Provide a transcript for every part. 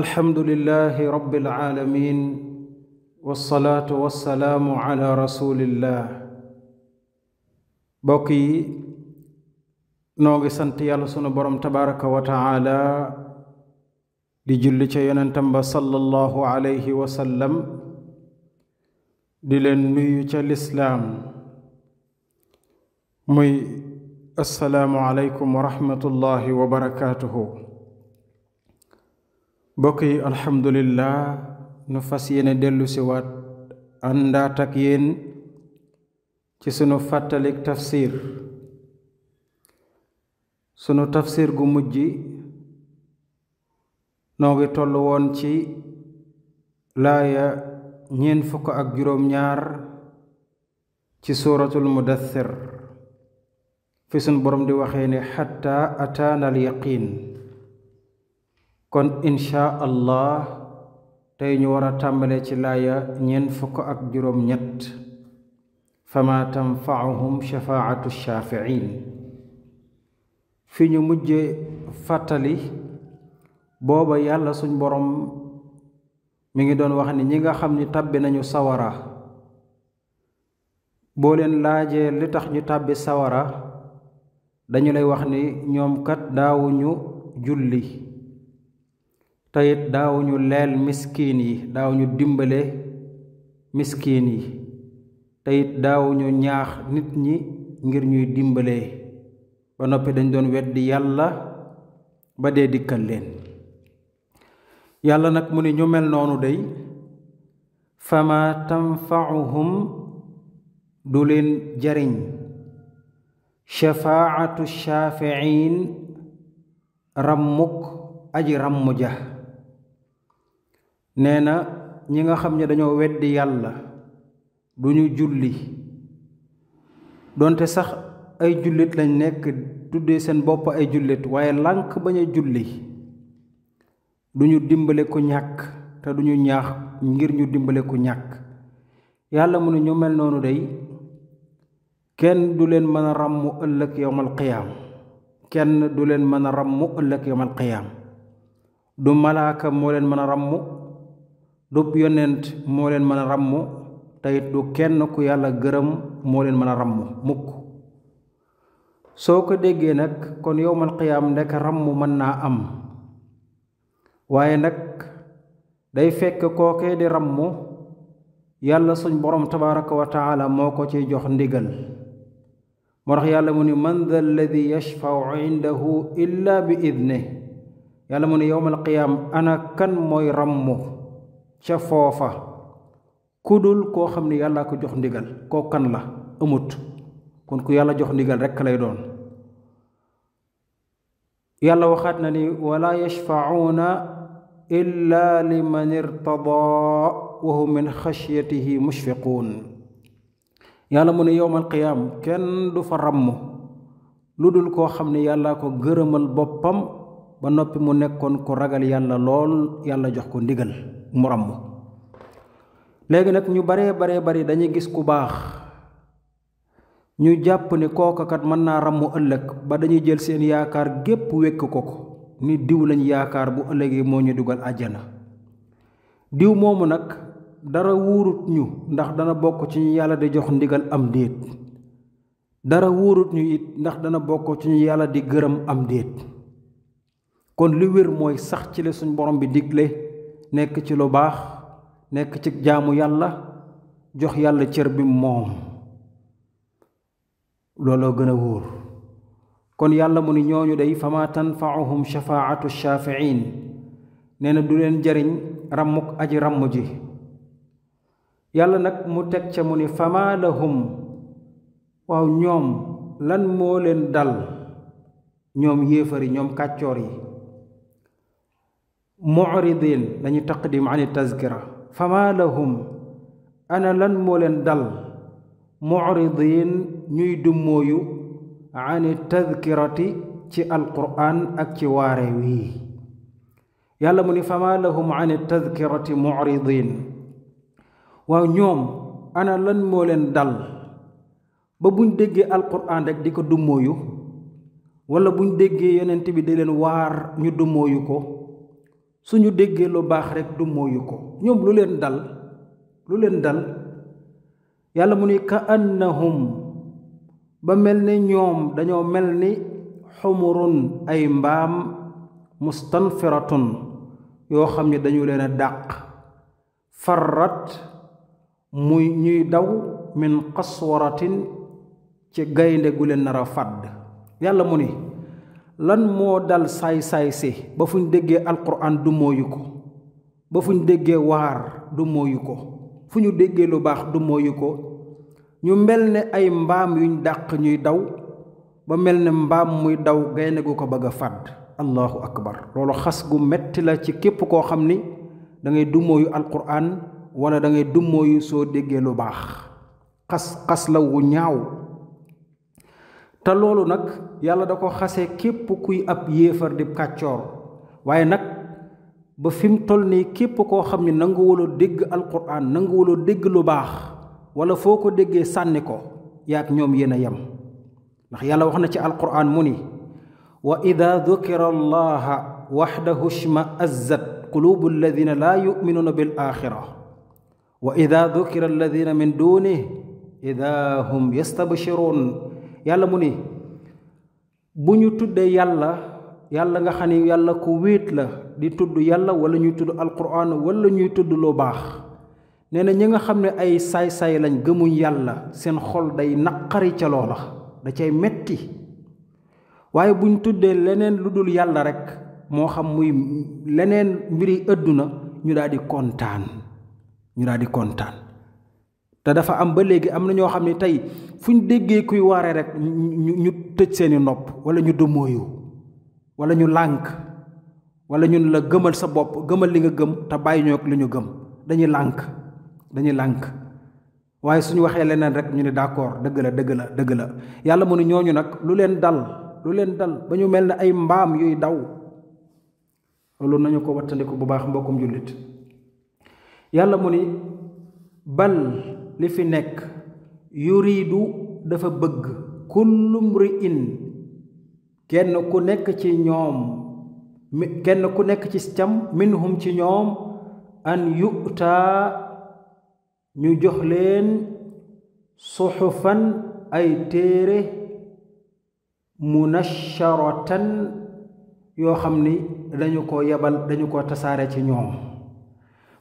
alhamdulilahi rabbil aalamiin wassalaatu wassalaamu ala rasulillah bokk yi noo ngi sant yàlla sunu borom tabaraka wa taala di julli ca yonentam ba sallallahu alayhi wa sallam di leen nuyu ca lislaam muy assalaamu aleykum wa rahmatullahi wa barakatuhu mbokk yi alhamdulillah nu fas yéene dellu si waat àndaat ak ci sunu fàttalik tafsir sunu tafsir gu mujj noo ngi toll woon ci laaya ñeen fukk ak juróom-ñaar ci suuratul mudathir fi sunu boroom di waxee ni xatta ataana yaqiin kon insha allah tey ñu war a tàmbale ci laaya ñeent fukk ak juróom ñett fama tanfaahum shafaatu shaafiin fi ñu mujje fàttali booba yàlla suñ boroom mu ngi doon wax ni ñi nga xam ni tàbbi nañu sawara boo leen laajee li tax ñu tàbbi sawara dañu lay wax ni ñoom kat daawuñu julli teyit daawuñu leel miskiin yi daawuñu dimbale miskin yi teyit daawuñu ñaax nit ñi ngir ñuy dimbale ba noppi dañ doon weddi yàlla ba dee dikkal leen yàlla nag mu ne ñu mel noonu day famatam tanfacuhum du leen jariñ shafaatu shaaficiin rammuk aji rammu ja nee na ñi nga xam ne dañoo weddi yàlla du ñu julli doonte sax ay jullit lañ nekk tuddee seen bopp ay jullit waaye lànk bañ a julli du ñu dimbale ku ñàkk te du ñu ñaax ngir ñu dimbale ku ñàkk yàlla mu ne ñu mel noonu day kenn du leen mën a ràmmu ëllëg yowmal qiyaam kenn du leen mën a ràmmu ëllëg yowmal qiyaam du malaaka moo leen mën a ràmmu dub yonent moo leen mën a ràmm te du kenn ku yàlla gërëm moo leen mën a ràmm mukk soo ko déggee nag kon yowmal qiyaam ndek ràmm mën naa am waaye nag day fekk kookee di ràmm yàlla suñ borom tabaraka moo ko ci jox ndigal moo tax yàlla mu ni man da alladi yashfau indahu illa bi idne yàlla mu ni yowmal qiyaam ana kan mooy ràmm ca foofa kudul koo xam ne yàllaa ko jox ndigal koo kan la amut kon ku yàlla jox ndigal rekk lay doon yàlla waxaat na ni wala yashfacuuna illa liman irtadaa wa hum min xashyatihi mushfiquun yàlla mu ne yowmal qiyaam kenn du fa ràmm lu dul koo xam ne yàllaa ko gërëmal boppam ba noppi mu nekkoon ko ragal yàlla lool yàlla jox ko ndigal mu ràmm léegi nag ñu baree baree bari dañuy gis ku baax ñu jàpp ni kooka mën naa ràmm ëllëg ba dañuy jël seen yaakaar gépp wékk ko ko ni diw lañ yaakaar bu ëllëgee moo ñu dugal àjjana diw moomu nag dara wuurut ñu ndax dana bokk ci ñu yàlla di jox ndigal am déet dara wuurut ñu it ndax dana bokk ci ñu yàlla di gërëm am déet kon li wér mooy sax ci la suñu borom bi digle nekk ci lu baax nekk ci jaamu yàlla jox yàlla cër bi moom looloo gën a wóor kon yàlla mu ni ñooñu day fama tanfaahum shafaatu shaafiin nee na du leen jariñ ràmmuk aji ràmm ji yàlla nag mu teg ca mu ni fama lahum waaw ñoom lan moo leen dal ñoom yéefari ñoom kàccoor yi mu'ridin lañu taqdim ani tazkira fama lahum ana lan moo leen dal mu'ridin ñuy dummóoyu ani tazkirati ci alquran ak ci waare wii yàlla mu ni fama lahum ani tazkirati mu'ridin waaw ñoom ana lan moo leen dal ba buñ déggee alquran rek di ko dummóoyu wala buñ déggee yonent bi di leen waar ñu dummóoyu ko suñu déggee lu baax rekk du mooyu ko ñoom lu leen dal lu leen dal yàlla mu ni ka annahum ba mel ni ñoom dañoo mel ni xumurun ay mbaam mustanfiratun yoo xam ne dañu leen a dàq farrat muy ñuy daw min qaswaratin ci gaynde gu leen nara a fàdd yàlla mu ni lan moo dal saay-saay si ba fuñ déggee alquran du mooyu ko ba fuñ déggee waar du ko fu ñu déggee lu baax du ko ñu mel ni ay mbaam yuñ dàq ñuy daw ba mel ni mbaam muy daw gaynde gu ko bëgg a fàdd allahu akbar loolu xas gu metti la ci képp koo xam ni da ngay dummóoyu alquran wala da ngay dummóoyu soo déggee lu baax xas xas la wu ñaaw te loolu nag yàlla da ko xase képp kuy ab yéefar di kàccoor waaye nag ba fi mu toll nii képp koo xam ne nanga waloo dégg alquran nanga dégg lu baax wala foo ko déggee sànni ko yaag ñoom yéen a yem ndax yàlla wax na ci alquran mu ni wa ida dukira allaha waxdahu shma azzat qulubu alladina laa yuminuuna bil axira wa ida dukira alladina min duunih ida hum yastabshiruun yàlla mu ni bu ñu tuddee yàlla yàlla nga xam ni yàlla ku wéet la di tudd yàlla wala ñuy tudd alquran wala ñuy tudd lu baax nee na ñi nga xam ne ay saay-saay lañ gëmuñ yàlla seen xol day naqari ca loola da cay metti waaye buñ tuddee leneen lu dul yàlla rekk moo xam muy leneen mbiri ëdduna ñu daal kontaan ñu daal kontaan te dafa am ba léegi am na ñoo xam ne tey fu ñu déggee kuy waare rek ñu tëj seeni nopp wala ñu dëmooyu walla ñu lànk wala ñun la gëmal sa bopp gëmal li nga gëm te bàyyi ñoo li ñu gëm dañuy lànk dañuy lànk waaye suñu waxee leneen rek ñu ne d'accord dëgg la dëgg la dëgg la yàlla mu ne ñooñu nag lu leen dal lu leen dal ba ñu mel ne ay mbaam yuy daw loolu nañu ko wattandiku bu baax mbokkum jullit yàlla mu ni bal li fi nekk yuridu dafa bëgg kullum ri in kenn ku nekk ci ñoom kenn ku nekk ci cam minhum ci ñoom an yu'taa ñu jox leen suxufan ay téere munasharatan yoo xam ni dañu ko yebal dañu ko tasaare ci ñoom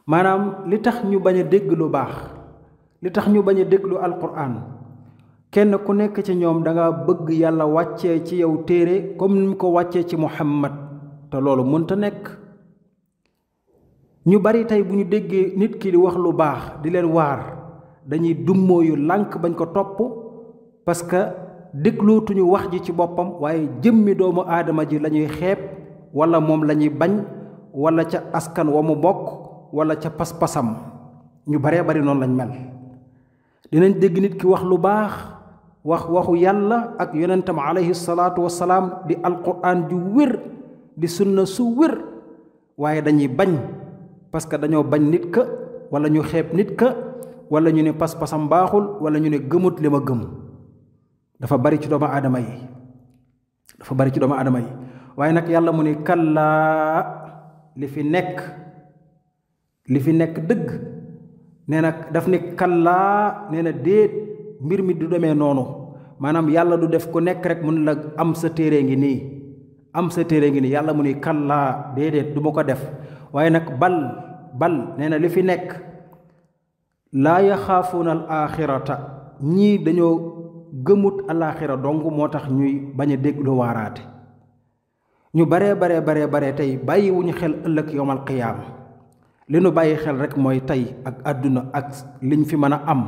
maanaam li tax ñu bañ a dégg lu baax li tax ñu bañ a déglu alquran kenn ku nekk ci ñoom danga bëgg yàlla wàccee ci yow téere comme ni ko wàccee ci muhammad te loolu mënta nekk ñu bari tey bu ñu déggee nit ki di wax lu baax di leen waar dañuy dummóoyu lànk bañ ko topp parce que déglootuñu wax ji ci boppam waaye jëmmi doomu aadama ji lañuy xeeb wala moom lañuy bañ wala ca askan wa mu bokk wala ca paspasam ñu baree bari noonu lañ mel dinañ dégg nit ki wax lu baax wax waxu yàlla ak yonentam alayhi salaatu wasalaam di alquran ju wér di sunna su wér waaye dañuy bañ parce que dañoo bañ nit ka wala ñu xeeb nit ka wala ñu ne pas-pasam baaxul wala ñu ne gëmut li ma gëm dafa bari ci doomu aadama yi dafa bari ci doomu aadama yi waaye nag yàlla mu ne kallaa li fi nekk li fi nekk dëgg nee na daf ne kallaa nee na déet mbir mi du demee noonu maanaam yàlla du def ku nekk rek mun la am sa téere ngi nii am sa téere ngi nii yàlla mu ni kallaa déedéet du ma ko def waaye nag bal bal neena li fi nekk laa yaxaafuuna al axirata ñii dañoo gëmut alaxira dong moo tax ñuy bañ a déglu waaraate ñu baree baree baree baree tey bàyyiwuñu xel ëllëg yowmal qiyaama li nu bàyyi xel rek mooy tey ak àdduna ak liñ fi mën a am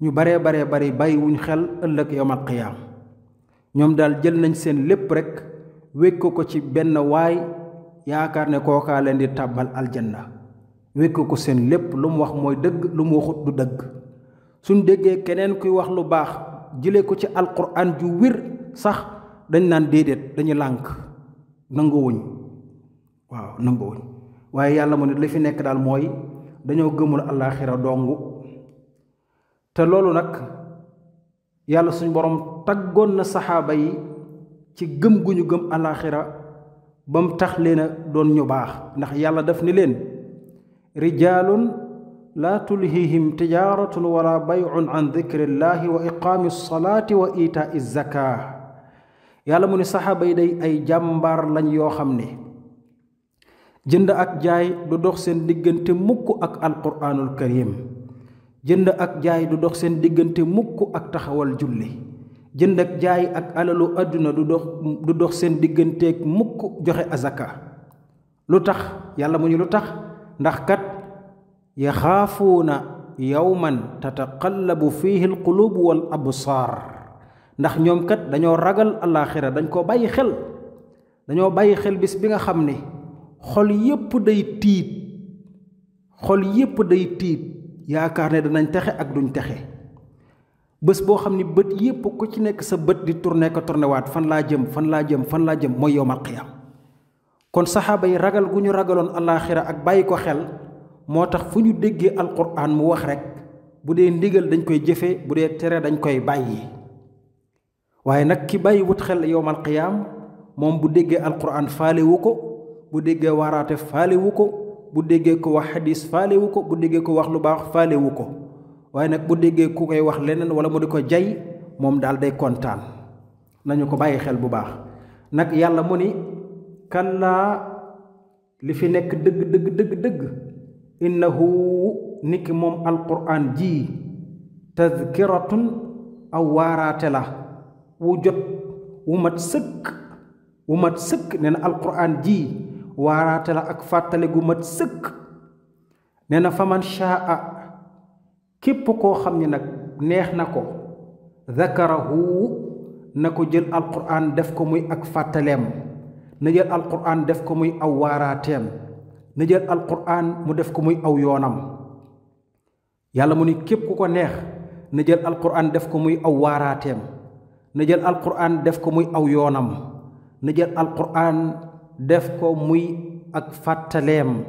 ñu baree baree bari bàyyi wuñ xel ëllëg yawmal qiyaam ñoom daal jël nañ seen lépp rekk wékk ko ci benn waay yaakaar ne kookaa leen di tàbbal aljanna wékk ko seen lépp lu mu wax mooy dëgg lu mu waxut du dëgg suñ déggee keneen kuy wax lu baax jëlee ko ci alquran ju wér sax dañ naan déedéet dañuy lànk nanguwuñ waaw nanguwuñ waaye yàlla mu ne li fi nekk daal mooy dañoo gëmul àllaaxira dong te loolu nag yàlla suñu boroom taggoon na saxaaba yi ci gëm gu ñu gëm àllaaxira ba mu tax leen doon ñu baax ndax yàlla def ni leen rijaalun laa tulhihim tijaaratun wala bayun an dikrillaahi wa iqaami salaati wa itaa zakaa yàlla mu ne saxaaba yi day ay jàmbaar lañ yoo xam ne jënd ak jaay du dox seen diggante mukk ak alquraanul karim jënd ak jaay du dox seen diggante mukk ak taxawal julli jënd ak jaay ak alalu àdduna du dox du dox seen digganteeg mukk joxe azaka lu tax yàlla mu ñu lu tax ndax kat yaxaafuuna yawman tataqallabu fiihi alqulubu wal absaar ndax ñoom kat dañoo ragal alaaxira dañ koo bàyyi xel dañoo bàyyi xel bis bi nga xam ne xol yépp day tiit xol yépp day tiib yaakaar ne danañ texe ak duñ texe bés boo xam ni bët yépp ku ci nekk sa bët di tourné ko fan laa jëm fan laa jëm fan laa jëm mooy yowmal qiyaam kon saxaaba yi ragal gu ñu ragaloon alaaxira ak bàyyi ko xel moo tax fu ñu déggee alquran mu wax rekk bu dee ndigal dañ koy jëfe bu dee tere dañ koy bàyyi waaye nag ki bàyyi wut xel yowmal qiyaam moom bu déggee alquran faale wu ko bu déggee waaraate faalewu ko bu déggee ko wax xadis faalewu ko bu déggee ko wax lu baax faalewu ko waaye nag bu déggee ku koy wax leneen wala mu di ko jay moom daal day kontaan nañu ko bàyyi xel bu baax nag yàlla mu ni kallaa li fi nekk dëgg dëgg dëgg dëgg innahu niki moom alquran ji tazkiratun aw waaraate la wu jot wu mat sëkk wu mat sëkk nee na alquran ji waaraate la ak fàttale gu mat sëkk nee na faman shaa képp koo xam ne nag neex na ko zakarahu na ko jël alquran def ko muy ak fàttaleem na jël alquran def ko muy aw na jël alquran mu def ko muy aw yoonam yàlla mu ni képp ko neex na jël alquran def ko muy aw waaraateem na jël alquran def ko muy aw yoonam na jël alquran def ko muy ak fàttaleem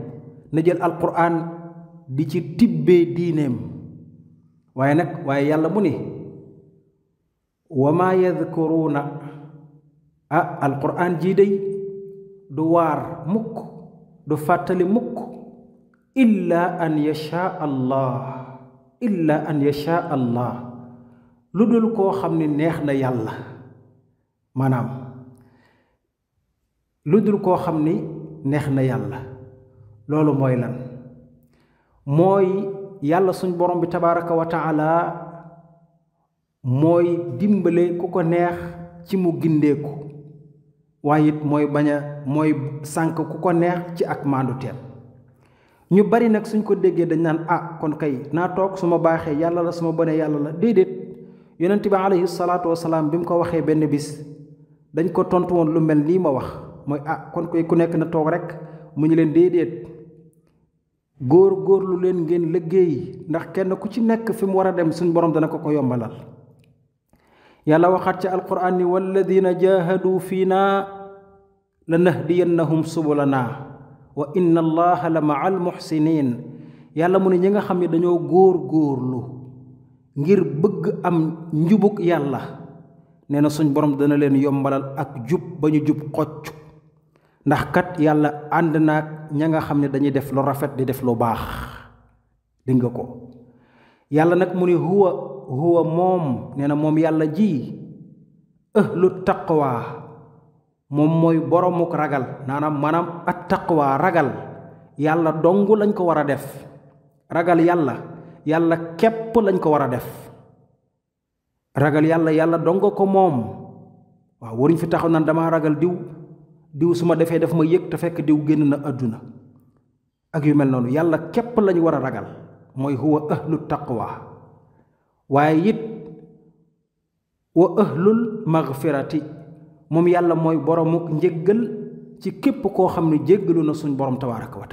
na jël alquran bi ci tibbee diineem waaye nag waaye yàlla mu ni wa maa yadkuruuna ah alquran jii day du waar mukk du fàttali mukk illa an yashaa allah illa an yashaa allah lu dul koo xam ni neex na yàlla maanaam lu dul koo xam ni neex na yàlla loolu mooy lan mooy yàlla suñ borom bi tabaraka wa mooy dimbale ku ko neex ci mu gindeeku waaye it mooy baña a mooy sànk ku ko neex ci ak maandu ñu bari nag suñ ko déggee dañu naan ah kon kay naa toog suma baaxee yàlla la suma ma bonee yàlla la déedéet yonent bi alayhi salaatu wasalaam bi mu ko waxee benn bis dañ ko tontu woon lu mel nii ma wax mooy ah kon koy ku nekk na toog rek mu ñu leen déedéet góor góorlu leen ngeen liggéey ndax kenn ku ci nekk fi mu war a dem suñ borom dana ko ko yombalal yàlla waxaat ci alquran ni walladina jahadu fii naa la nahdiyannahum naa wa inna allaha la maa almuxsinin yàlla mu ne ñi nga xam ne dañoo góor góorlu ngir bëgg am njubug yàlla nee na suñ borom dana leen yombalal ak jub ba ñu jub xocc ndax kat yàlla ànd naag ña nga xam ne dañuy def lu rafet di def lu baax dégg nga ko yàlla nag mu ne huwa huwa moom nee na moom yàlla ji ahlu taqwa moom mooy boromuk ragal naanaam maanaam at taqwa ragal yàlla dong lañ ko war a def ragal yàlla yàlla képp lañ ko war a def ragal yàlla yàlla dong ko moom waaw waruñ fi taxaw naan dama ragal diw diw su ma defee daf ma yëg te fekk diw génn na àdduna ak yu mel noonu yàlla képp lañu war a ragal mooy huwa ahlu taqwa waaye yit wa ahlul magfirati moom yàlla mooy boroomu njëggal ci képp koo xam ne jéggalu na suñ borom tabaraka wa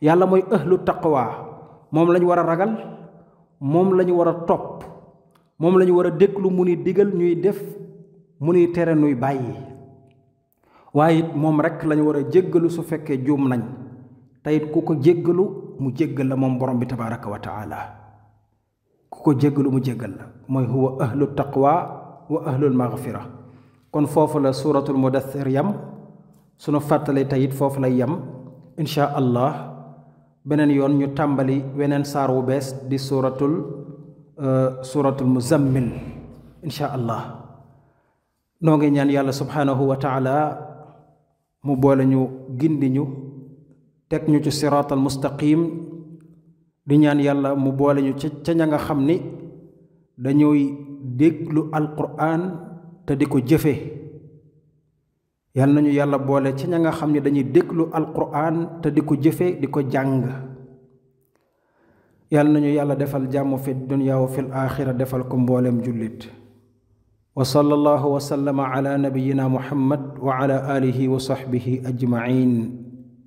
yàlla mooy ahlu taqwa moom lañu war a ragal moom lañu war a topp moom lañu war a déglu mu ni digal ñuy def mu ni tere nuy bàyyi waaye it moom rek lañu war a jéggalu su fekkee juum nañ teyit ku ko jéggalu mu jéggal la moom borom bi tabaraka wa taala ku ko jéggalu mu jéggal la mooy huwa ahlu taqwa wa ahlul maghfira kon foofu la suuratul mudaththir yam sunu fàttali teyit foofu lay yam insha allah beneen yoon ñu tàmbali weneen saar wu bees di suuratul euh, suuratul muzammil insha allah noo ngi ñaan yàlla subhanahu wa mu boole ñu gindi ñu teg ñu ci siraatal mustaqim di ñaan yàlla mu boole ñu ca ca ña nga xam ni dañuy déglu alquran te di ko jëfe yal nañu yàlla boole ca ña nga xam ni dañuy déglu alquran te di ko jëfe di ko jàng yal nañu yàlla defal jàmm fi dunya wa fil defal ko mbooleem jullit wa sallallahu wa sallama ala nabiyyina muhammad wa ala alihi wa sahbihi ajmain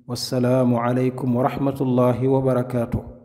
wassalaamu alaykum wa rahmatullahi wa barakaatuh